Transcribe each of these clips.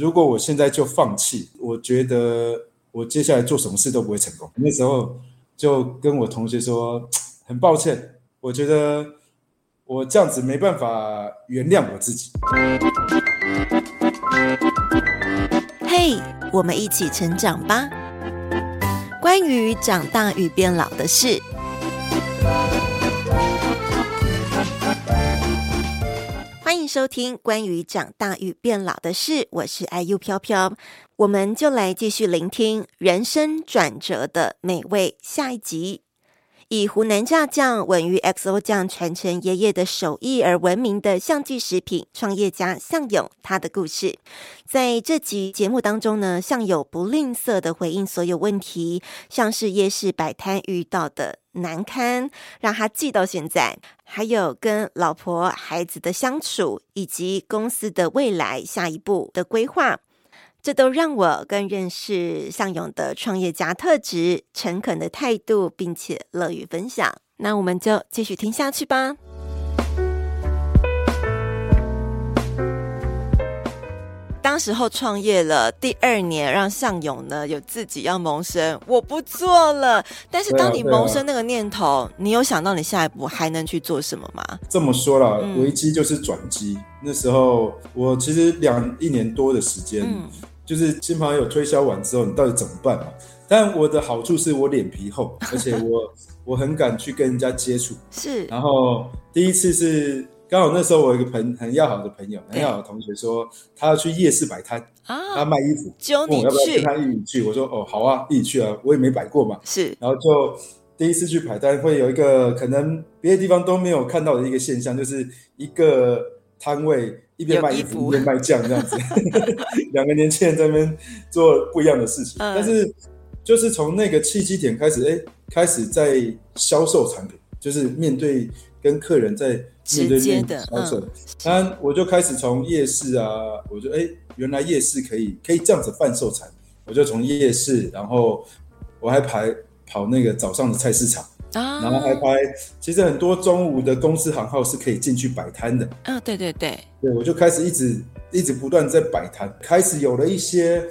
如果我現在就放棄，我覺得我接下來做什麼事都不會成功。那時候就跟我同學說，很抱歉，我覺得我這樣子沒辦法原諒我自己。嘿，hey, 我們一起成長吧，關於長大與變老的事。收聽關於長大與變老的事，我是愛 u 飄飄，我們就來繼續聆聽人生轉折的美味下一集。以湖南炸醬、鮪魚 xo 醬傳承爺爺的手藝而聞名的向記食品創業家向勇，他的故事，在這集節目當中呢，向勇不吝嗇的回應所有問題，像是夜市擺攤遇到的難堪，讓他記到現在；還有跟老婆、孩子的相處，以及公司的未來下一步的規劃，這都讓我更認識向勇的創業家特質、誠懇的態度，並且樂於分享。那我們就繼續聽下去吧。當時候創業了，第二年讓向勇呢有自己要萌生，我不做了。但是當你萌生那個念頭，啊啊、你有想到你下一步還能去做什麼嗎？這麼說啦，危機就是轉機。嗯、那時候我其實兩一年多的時間，嗯、就是親朋友推銷完之後，你到底怎麼辦嘛？但我的好處是我臉皮厚，而且我 我很敢去跟人家接觸。是，然後第一次是。剛好那時候我有一個朋友，很要好的朋友，很要好的同學說他要去夜市擺攤，對他賣衣服，問我、啊哦、要不要跟他一起去。我說哦好啊，一起去啊，我也沒擺過嘛。是，然後就第一次去擺攤，會有一個可能別的地方都沒有看到的一個現象，就是一個攤位一邊賣衣服，衣服一邊賣醬這樣子，兩 個年輕人在那邊做不一樣的事情。嗯、但是就是從那個契機點開始，哎、欸，開始在銷售產品，就是面對。跟客人在面對面的，然、嗯、我就開始從夜市啊，我就哎、欸，原來夜市可以可以這樣子販售產品，我就從夜市，然後我還排跑那個早上的菜市場、啊、然後還排，其實很多中午的公司行號是可以進去擺攤的，嗯、哦，對對對，對，我就開始一直一直不斷在擺攤，開始有了一些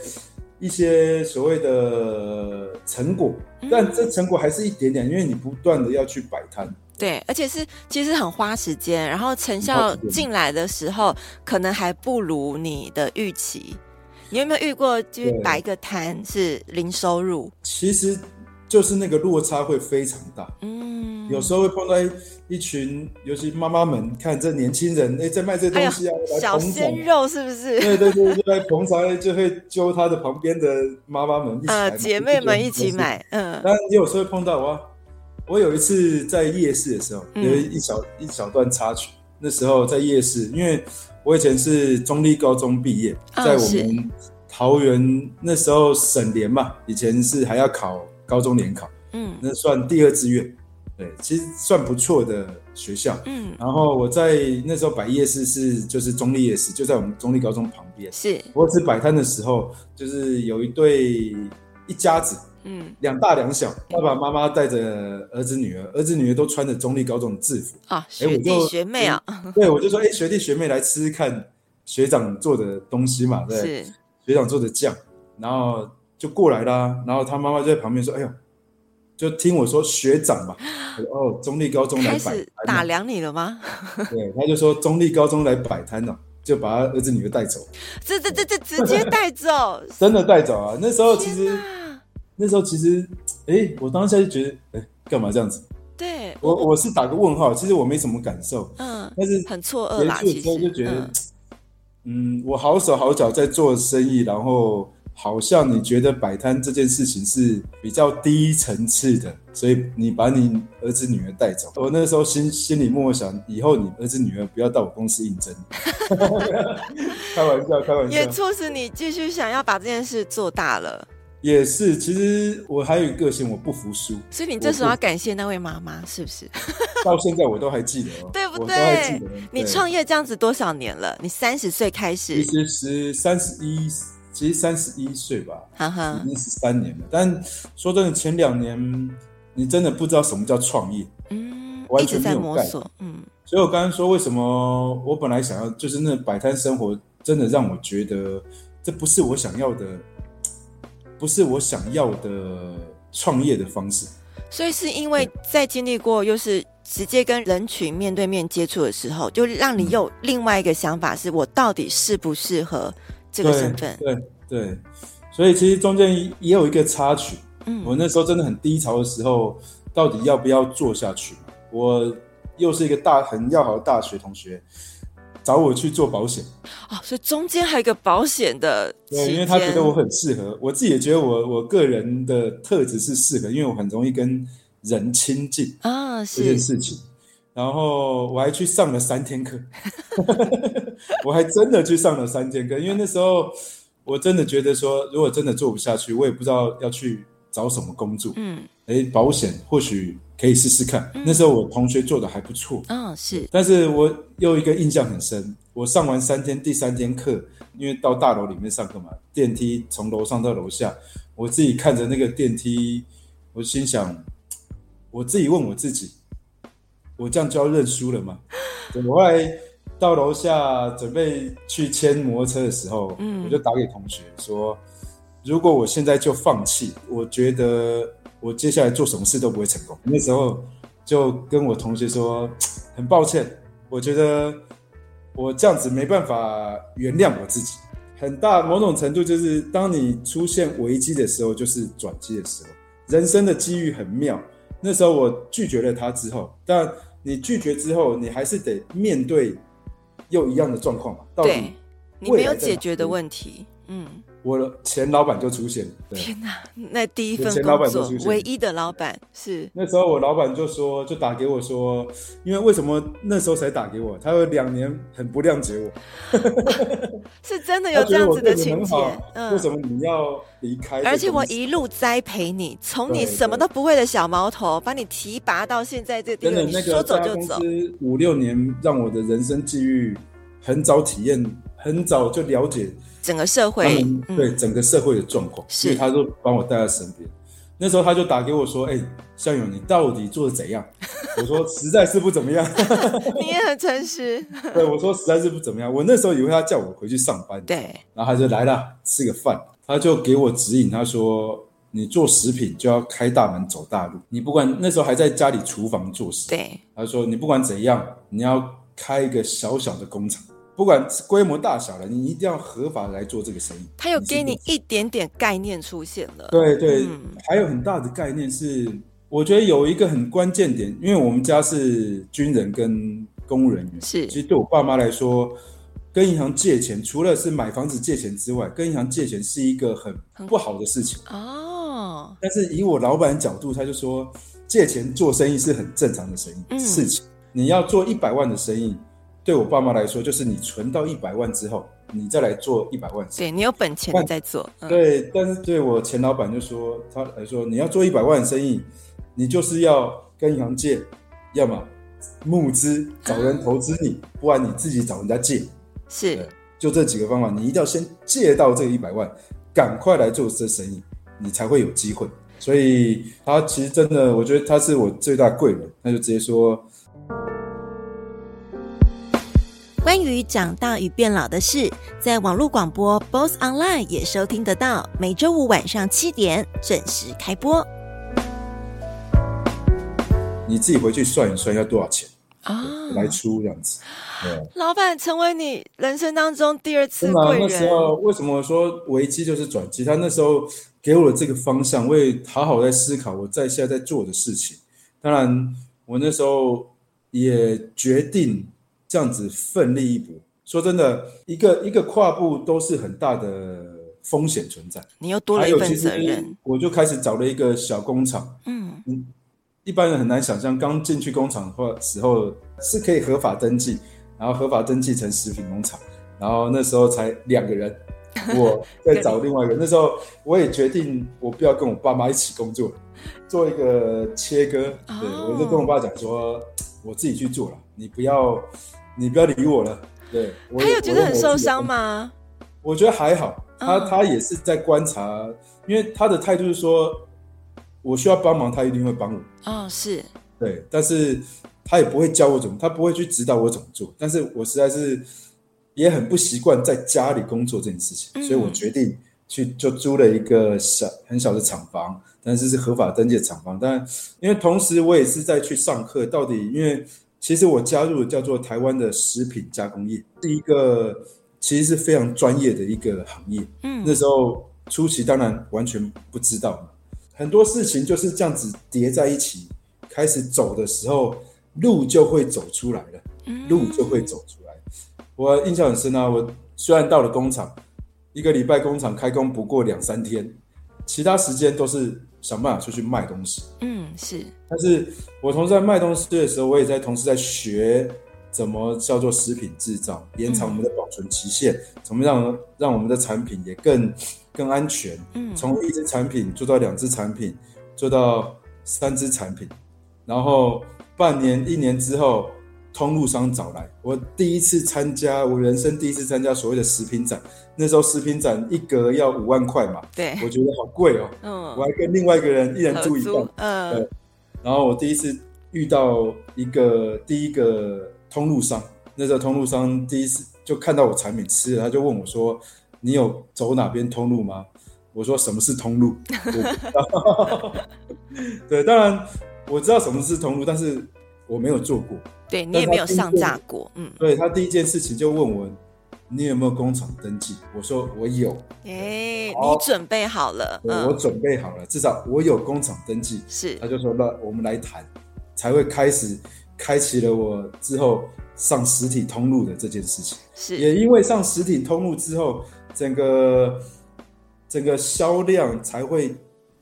一些所謂的成果，但這成果還是一點點，嗯、因為你不斷的要去擺攤。對，而且是其實很花時間，然後成效進來的時候，嗯、可能還不如你的預期。你有沒有遇過，就是擺一個攤是零收入？其實就是那個落差會非常大。嗯，有時候會碰到一群，尤其媽媽們看這年輕人，哎，在賣這東西啊，哎、呦來捧場，小鮮肉是不是？ 對對對，就在捧場，就會揪他的旁邊的媽媽們一起、呃，姐妹們一起買。嗯，那你有時候會碰到啊。哇我有一次在夜市的時候，有一小、嗯、一小、一小段插曲。那時候在夜市，因為我以前是中壢高中畢業，哦、在我們桃園那時候省聯嘛，以前是還要考高中聯考，嗯，那算第二志願，對，其實算不錯的學校。嗯，然後我在那時候擺夜市是就是中壢夜市，就在我們中壢高中旁邊。是，我只擺攤的時候，就是有一對一家子。嗯、兩大兩小，爸爸媽媽帶着兒子女兒，兒子女兒都穿着中立高中的制服啊。欸、學弟學妹啊，我嗯、對我就說，哎、欸，學弟學妹來吃吃看學長做的東西嘛，對，是學長做的醬，然後就過來啦。然後他媽媽就在旁邊說，哎呦，就聽我說學長嘛，哦，中立高中來擺攤、啊、開始打量你了嗎？ 對，他就說中立高中來擺攤了，就把他兒子女兒帶走。這這這這直接帶走， 真的帶走啊？那時候其實。那時候其實，哎、欸，我當下就覺得，哎、欸，幹嘛這樣子？對我，我，我是打個問號。其實我沒什麼感受，嗯，但是很錯愕嘛。沒錯，之後就覺得，嗯，嗯，我好手好腳在做生意，然後好像你覺得擺攤這件事情是比較低層次的，所以你把你兒子女兒帶走。我那時候心心裡默默想，以後你兒子女兒不要到我公司應徵。 開玩笑，開玩笑。也促使你繼續想要把這件事做大了。也是，其實我還有一個個性我不服輸。所以你這時候要感謝那位媽媽，是不是？ 到現在我都還記得，對不對？我都還記得，對。你創業這樣子多少年了？你三十歲開始？其實是三十一，其實三十一歲吧。哈哈，已經十三年了。 但說真的前兩，前兩年你真的不知道什麼叫創業，嗯，我完全一直在摸索。嗯。所以我剛剛說，為什麼我本來想要，就是那擺攤生活，真的讓我覺得這不是我想要的。不是我想要的創業的方式，所以是因為在經歷過又是直接跟人群面對面接觸的時候，就讓你有另外一個想法：是我到底適不適合這個身份？對對，所以其實中間也有一個插曲。嗯，我那時候真的很低潮的時候，到底要不要做下去？我又是一個大很要好的大學同學。找我去做保險、哦、所以中間還有一個保險的。對，因為他覺得我很適合，我自己也覺得我我個人的特質是適合，因為我很容易跟人親近啊，這件事情。哦、是、然後我還去上了三天課， 我還真的去上了三天課，因為那時候我真的覺得說，如果真的做不下去，我也不知道要去找什麼工作。嗯，誒，保險或許。可以試試看。那時候我同學做的還不錯。嗯，是。但是我又有一個印象很深，我上完三天，第三天課，因為到大樓裡面上課嘛，電梯從樓上到樓下，我自己看着那個電梯，我心想，我自己問我自己，我這樣就要認輸了嗎？對，我後來到樓下準備去牽摩托車的時候，我就打給同學說，如果我現在就放棄，我覺得。我接下來做什麼事都不會成功。那時候就跟我同學說，很抱歉，我覺得我這樣子沒辦法原諒我自己。很大某種程度，就是當你出現危機的時候，就是轉機的時候。人生的機遇很妙。那時候我拒絕了他之後，但你拒絕之後，你還是得面對又一樣的狀況嘛？到底對，你沒有解決的問題，嗯。我的前老闆就出現了。天哪！那第一份工作我前老闆就出現，唯一的老闆是那時候，我老闆就說，就打給我說，因為為什麼那時候才打給我？他有兩年很不諒解我，啊、 是真的有這樣子的情節。嗯、為什麼你要離開？而且我一路栽培你，從你什麼都不會的小毛頭，對對把你提拔到現在這地的說走就走。五六年，讓我的人生際遇很早體驗，很早就了解。嗯整個社會，們嗯、對整個社會的狀況，所以是他就幫我帶在身邊。那時候他就打給我說：“哎、欸，向勇，你到底做得怎樣？” 我說：“實在是不怎麼樣。 ”你也很誠實。對，我說實在是不怎麼樣。我那時候以為他叫我回去上班。對。然後他就來了吃個飯，他就給我指引，他說：“你做食品就要開大門走大路，你不管那時候還在家裡廚房做事。”對。他說：“你不管怎樣，你要開一個小小的工廠。”不管規模大小了，你一定要合法的來做這個生意。他有給你一點點概念出現了。對，對對，嗯、還有很大的概念是，我覺得有一個很關鍵點，因為我們家是軍人跟公務人員，是其實對我爸媽來說，跟銀行借錢除了是買房子借錢之外，跟銀行借錢是一個很不好的事情哦。嗯、但是以我老板的角度，他就說借錢做生意是很正常的生意，嗯、事情你要做一百萬的生意。對我爸媽來說，就是你存到一百萬之後，你再來做一百萬生意。對，你有本錢再做。但嗯、對，但是對我前老板就說，他來說，你要做一百萬生意，你就是要跟銀行借，要麼募資找人投資你，啊、不然你自己找人家借。是，就這幾個方法，你一定要先借到這一百萬，趕快來做這生意，你才會有機會。所以他其實真的，我覺得他是我最大貴人，他就直接說。關於長大與變老的事，在網絡廣播 BOSS ONLINE 也收聽得到。每周五晚上七點準時開播。你自己回去算一算，要多少錢啊？來出這樣子。老闆成為你人生當中第二次貴人。為什麼說危機就是轉機？他那時候給我的這個方向，我也好好在思考我在現在在做的事情。當然，我那時候也決定、嗯。這樣子奮力一搏，說真的，一個一個跨步都是很大的風險存在。你又多了一份責任。我就開始找了一個小工廠，嗯，一般人很難想象，剛進去工廠的話時候是可以合法登記，然後合法登記成食品工廠，然後那時候才兩個人，我再找另外一個。那時候我也決定，我不要跟我爸媽一起工作，做一個切割。對，我就跟我爸講說，我自己去做了，你不要。你不要理我了，對，我，他有覺得很受傷嗎？我覺得還好，他、嗯、他也是在觀察，因為他的態度是說，我需要幫忙，他一定會幫我。哦，是。對，但是他也不會教我怎麼，他不會去指導我怎麼做。但是我實在是也很不習慣在家裡工作這件事情，嗯嗯，所以我決定去就租了一個小很小的廠房，但是是合法登記的廠房。但因為同時我也是在去上課，到底因為。其實我加入叫做台灣的食品加工業，是一個其實是非常專業的一個行業。嗯，那時候初期當然完全不知道嘛，很多事情就是這樣子疊在一起。開始走的時候，路就會走出來了，路就會走出來。我印象很深啊，我雖然到了工廠，一個禮拜工廠開工不過兩三天，其他時間都是。想辦法出去賣東西，嗯，是。但是我同時在賣東西的時候，我也在同時在學怎麼叫做食品製造，延長我們的保存期限，嗯、怎麼讓讓我們的產品也更更安全，從、嗯、一支產品做到兩支產品，做到三支產品，然後半年一年之後。通路商找來，我第一次參加，我人生第一次參加所謂的食品展。那時候食品展一格要五萬塊嘛，對我覺得好貴哦、喔。嗯，我還跟另外一個人一人住一租一棟，嗯、呃，然後我第一次遇到一個第一個通路商，那時候通路商第一次就看到我產品吃了，他就問我說：“你有走哪邊通路嗎？”我說：“什麼是通路？” 對，當然我知道什麼是通路，但是。我沒有做過，對，你也沒有上架過，嗯，所以他第一件事情就問我，你有沒有工廠登記？我說我有。哎，欸、好你準備好了？對嗯、我準備好了，至少我有工廠登記。是，他就說，那我們來談，才會開始開啟了我之後上實體通路的這件事情。是，也因為上實體通路之後，整個整個銷量才會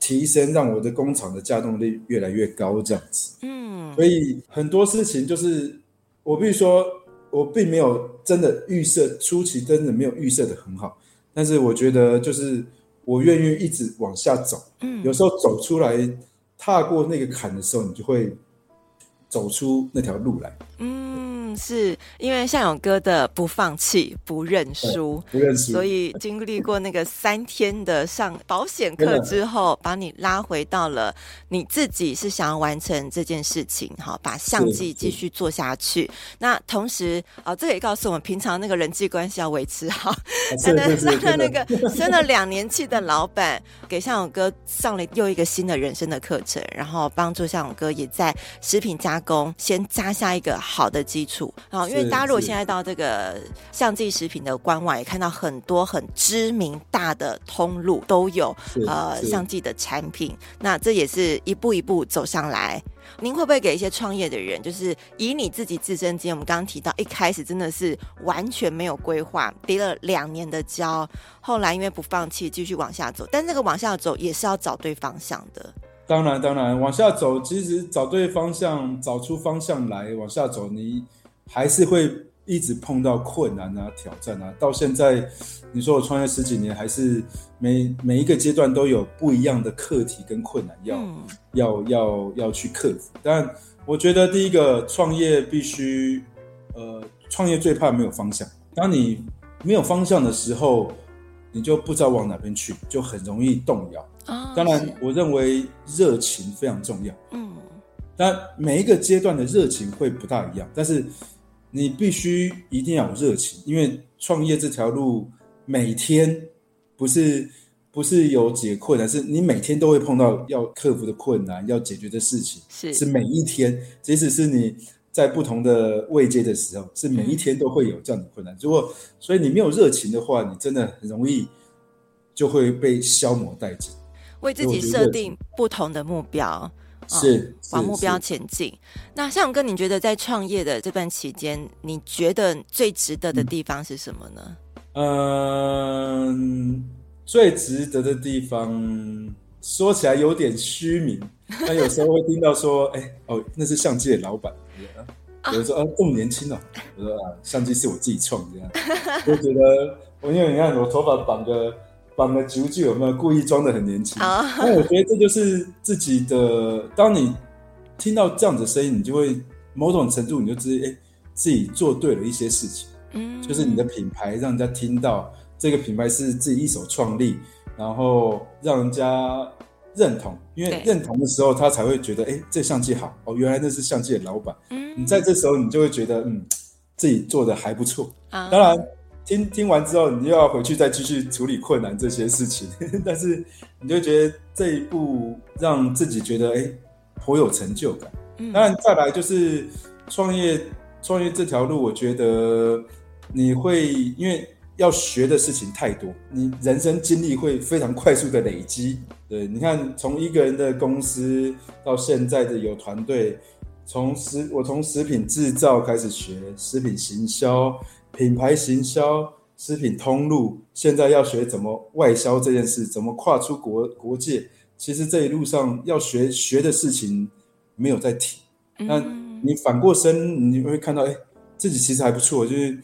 提升，讓我的工廠的加動力越來越高，這樣子。嗯，所以很多事情就是，我比如說，我並沒有真的預設初期，真的沒有預設的很好。但是我覺得，就是我願意一直往下走。有時候走出來，踏過那個坎的時候，你就會走出那條路來。嗯。是因為向勇哥的不放棄、不認輸，認所以經歷過那個三天的上保險課之後，的把你拉回到了你自己是想要完成這件事情，哈，把向記繼續做下去。那同時啊、哦，這也告訴我們平常那個人際關係要維持好。真的 那個生了兩年氣的老闆，給向勇哥上了又一個新的人生的課程，然後幫助向勇哥也在食品加工先紮下一個好的基礎。哦，因為大家如果現在到這個向記食品的官網，也看到很多很知名大的通路都有呃向記的產品，那這也是一步一步走上來。您會不會給一些創業的人，就是以你自己自身經驗，我們剛剛提到一開始真的是完全沒有規劃，跌了兩年的跤，後來因為不放棄繼續往下走，但這個往下走也是要找對方向的。當然，當然往下走，其實找對方向，找出方向來往下走，你。還是會一直碰到困難啊，挑戰啊。到現在，你說我創業十幾年，還是每每一個階段都有不一樣的課題跟困難要、嗯、要要要去克服。但我覺得第一個創業必須，呃，創業最怕沒有方向。當你沒有方向的時候，你就不知道往哪邊去，就很容易動搖。當然，我認為熱情非常重要。嗯，但每一個階段的熱情會不大一樣，但是。你必須一定要有熱情，因為創業這條路每天不是不是有解困難，而是你每天都會碰到要克服的困難，要解決的事情是是每一天，即使是你在不同的位階的時候，是每一天都會有這樣的困難。如果所以你沒有熱情的話，你真的很容易就會被消磨殆盡。為自己設定不同的目標。哦、是，往目標前進。那向哥，你覺得在創業的這段期間，你覺得最值得的地方是什麼呢？嗯，最值得的地方說起來有點虛名，但有時候會聽到說：“哎、 欸，哦，那是向記的老板。啊”有人說：“啊、呃，這麼年輕哦。”我說：“啊，向記是我自己創的 我覺得，我因為你看我頭髮綁著版的劇有沒有故意裝的很年輕？那、oh. 我覺得這就是自己的。當你聽到這樣子的聲音，你就會某種程度你就知道、欸，自己做對了一些事情。嗯、mm，hmm. 就是你的品牌讓人家聽到這個品牌是自己一手創立，然後讓人家認同，因為認同的時候他才會覺得，哎、欸，這個、向記好哦，原來那是向記的老闆。嗯、mm，hmm. 你在這時候你就會覺得，嗯，自己做的還不錯。Oh. 當然。聽聽完之後，你又要回去再繼續處理困難這些事情，但是你就覺得這一步讓自己覺得，誒，頗有成就感。嗯。當然，再來就是創業，創業這條路，我覺得你會因為要學的事情太多，你人生經歷會非常快速的累積。對，你看，從一個人的公司到現在的有團隊，從食我從食品製造開始學食品行銷。品牌行銷、食品通路，現在要學怎麼外銷這件事，怎麼跨出國國界。其實這一路上要學學的事情沒有在停，那、嗯、你反過身，你會看到，哎，自己其實還不錯。就是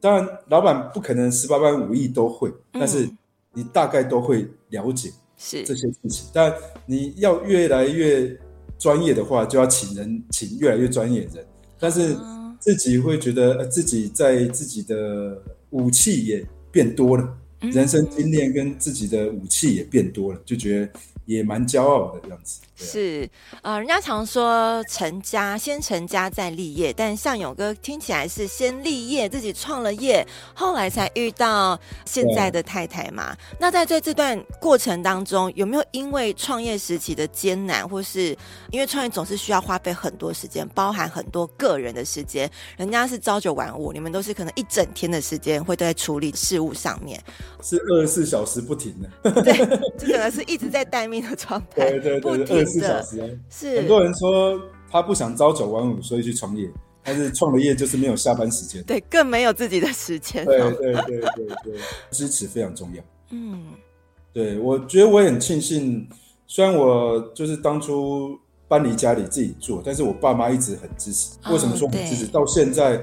當然，老闆不可能十八般武藝都會，嗯、但是你大概都會了解這些事情。是但你要越來越專業的話，就要請人，請越來越專業人。但是。嗯自己會覺得，呃，自己在自己的武器也變多了，人生經驗跟自己的武器也變多了，就覺得。也蠻驕傲的樣子，啊、是，啊、呃，人家常說成家先成家再立業，但像勇哥聽起來是先立業，自己創了業，後來才遇到現在的太太嘛。對那在這這段過程當中，有沒有因為創業時期的艱難，或是因為創業總是需要花費很多時間，包含很多個人的時間？人家是朝九晚五，你們都是可能一整天的時間會都在處理事務上面，是二十四小時不停的，對，就可能是一直在待命。 的狀態，對對對，二十四小時是很多人說他不想朝九晚五，所以去創業。但是創了業就是沒有下班時間，對，更沒有自己的時間喔。對對對對 對，支持非常重要。嗯，對我覺得我也很慶幸，雖然我就是當初搬離家裡自己住，但是我爸媽一直很支持。為什麼說很支持？對到現在。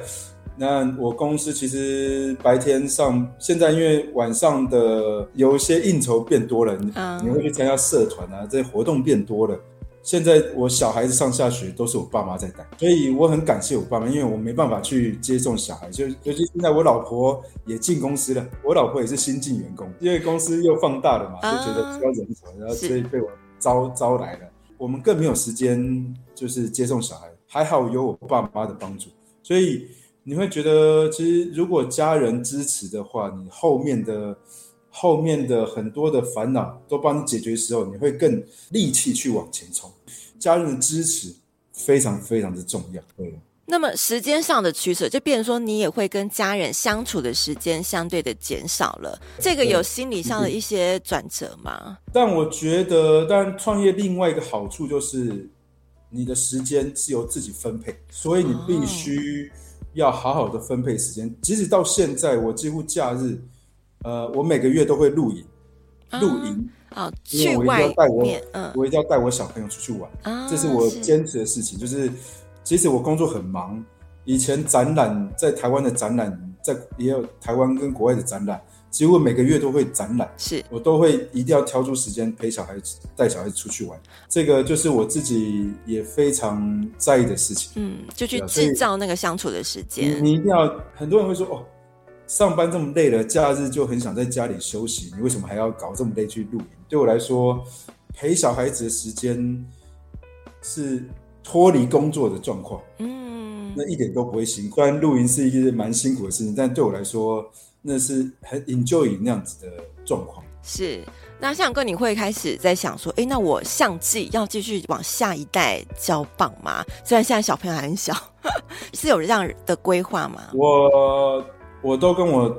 那我公司其實白天上，現在因為晚上的有一些應酬變多了，你會去參加社團啊，這些活動變多了。現在我小孩子上下學都是我爸媽在帶，所以我很感謝我爸媽，因為我沒辦法去接送小孩。就尤其現在我老婆也進公司了，我老婆也是新進員工，因為公司又放大了嘛，就覺得需要人才，然後所以被我招招來了。我們更沒有時間就是接送小孩，還好有我爸媽的幫助，所以。你會覺得，其實如果家人支持的話，你後面的、後面的很多的煩惱都幫你解決的時候，你會更力氣去往前衝。家人的支持非常非常的重要，對。那麼時間上的取舍，就變成說你也會跟家人相處的時間相對的減少了。對這個有心理上的一些轉折嗎？嗯，嗯，嗯。但我覺得，當然創業另外一個好處就是，你的時間是由自己分配，所以你必須。哦。要好好的分配時間，即使到現在，我幾乎假日，呃，我每個月都會露營，露營，啊，因為我一定要帶我，呃，我一定要帶我小朋友出去玩，啊，這是我堅持的事情，是。就是即使我工作很忙，以前展覽在台灣的展覽，在也有台灣跟國外的展覽。幾乎我每個月都會展覽，是我都會一定要挑出時間陪小孩子帶小孩子出去玩。這個就是我自己也非常在意的事情。嗯，就去製造那個相處的時間，yeah。你一定要，很多人會說：“哦，上班這麼累了，假日就很想在家裡休息，你為什麼還要搞這麼累去露營？”對我來說，陪小孩子的時間是。脫離工作的狀況，嗯，那一點都不會行。雖然，露營是一個蠻辛苦的事情，但對我來說，那是很 enjoy 那樣子的狀況。是，那向哥，你會開始在想說，哎，欸，那我向記要繼續往下一代交棒嗎？雖然現在小朋友還很小， 是有這樣的規劃嗎？我，我都跟我，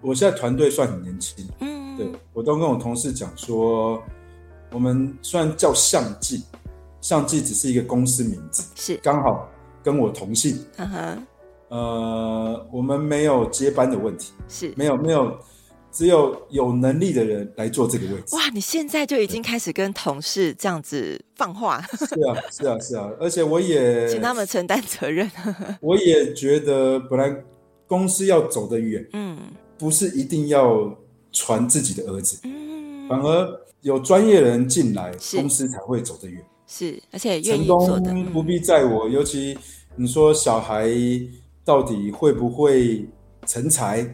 我現在團隊算很年輕，嗯，對，我都跟我同事講說，我們雖然叫向記。向記只是一個公司名字，是剛好跟我同姓。Uh huh、呃，我們沒有接班的問題，是沒有沒有，只有有能力的人來做這個位置。哇，你現在就已經開始跟同事這樣子放話。對。是啊，是啊，是啊！而且我也請他們承擔責任。 我也覺得，本來公司要走得遠，嗯，不是一定要傳自己的兒子，嗯，反而有專業人進來，嗯、公司才會走得遠。是，而且願意成功不必在我，嗯、尤其你說小孩到底會不會成才，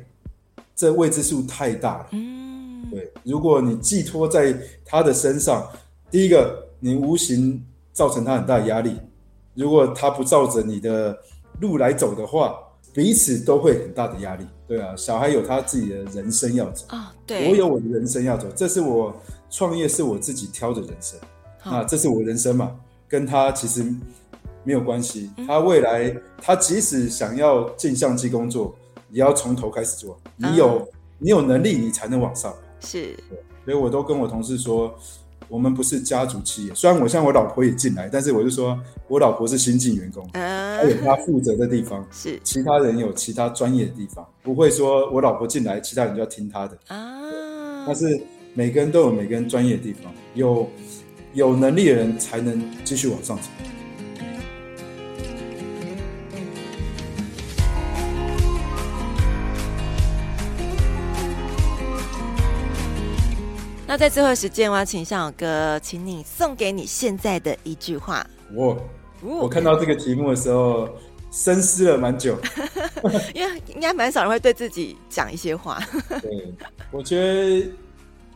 這未知數太大了。嗯，對。如果你寄託在他的身上，第一個，你無形造成他很大的壓力。如果他不照着你的路來走的話，彼此都會很大的壓力。對啊，小孩有他自己的人生要走啊。哦，對，我有我的人生要走，這是我創業是我自己挑的人生。啊，這是我人生嘛，跟他其實沒有關係。他未來，他即使想要進向記工作，也要從頭開始做。你有、啊、你有能力，你才能往上。是，所以我都跟我同事說，我們不是家族企業。雖然我像我老婆也進來，但是我就說我老婆是新進員工，啊、他有她他負責的地方。是，其他人有其他專業的地方，不會說我老婆進來，其他人就要聽她的啊。但是每個人都有每個人專業的地方，有。有能力的人才能繼續往上走。那在最後的時間，我要請向勇哥，請你送給你現在的一句話。我、Wow, 我看到這個題目的時候，深思了蠻久， 因為應該蠻少人會對自己講一些話。 對，我覺得，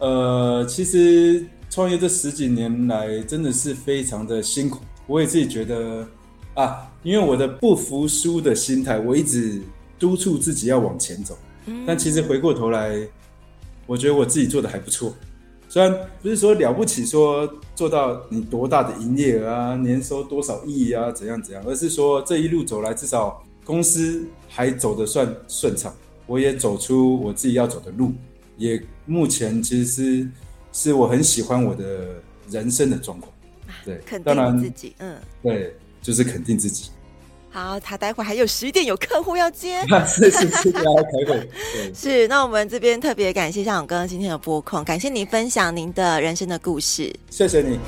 呃，其實。創業這十幾年來，真的是非常的辛苦。我也自己覺得，啊，因為我的不服輸的心態，我一直督促自己要往前走。但其實回過頭來，我覺得我自己做的還不錯。雖然不是說了不起，說做到你多大的營業額啊，年收多少億啊，怎樣怎樣，而是說這一路走來，至少公司還走得算順暢，我也走出我自己要走的路，也目前其實是。是我很喜歡我的人生的狀況，對，肯定自己，然嗯，對，就是肯定自己。好，他待會兒還有十點有客戶要接，是，那我們這邊特別感謝向勇哥今天的撥空，感謝你分享您的人生的故事，謝謝你。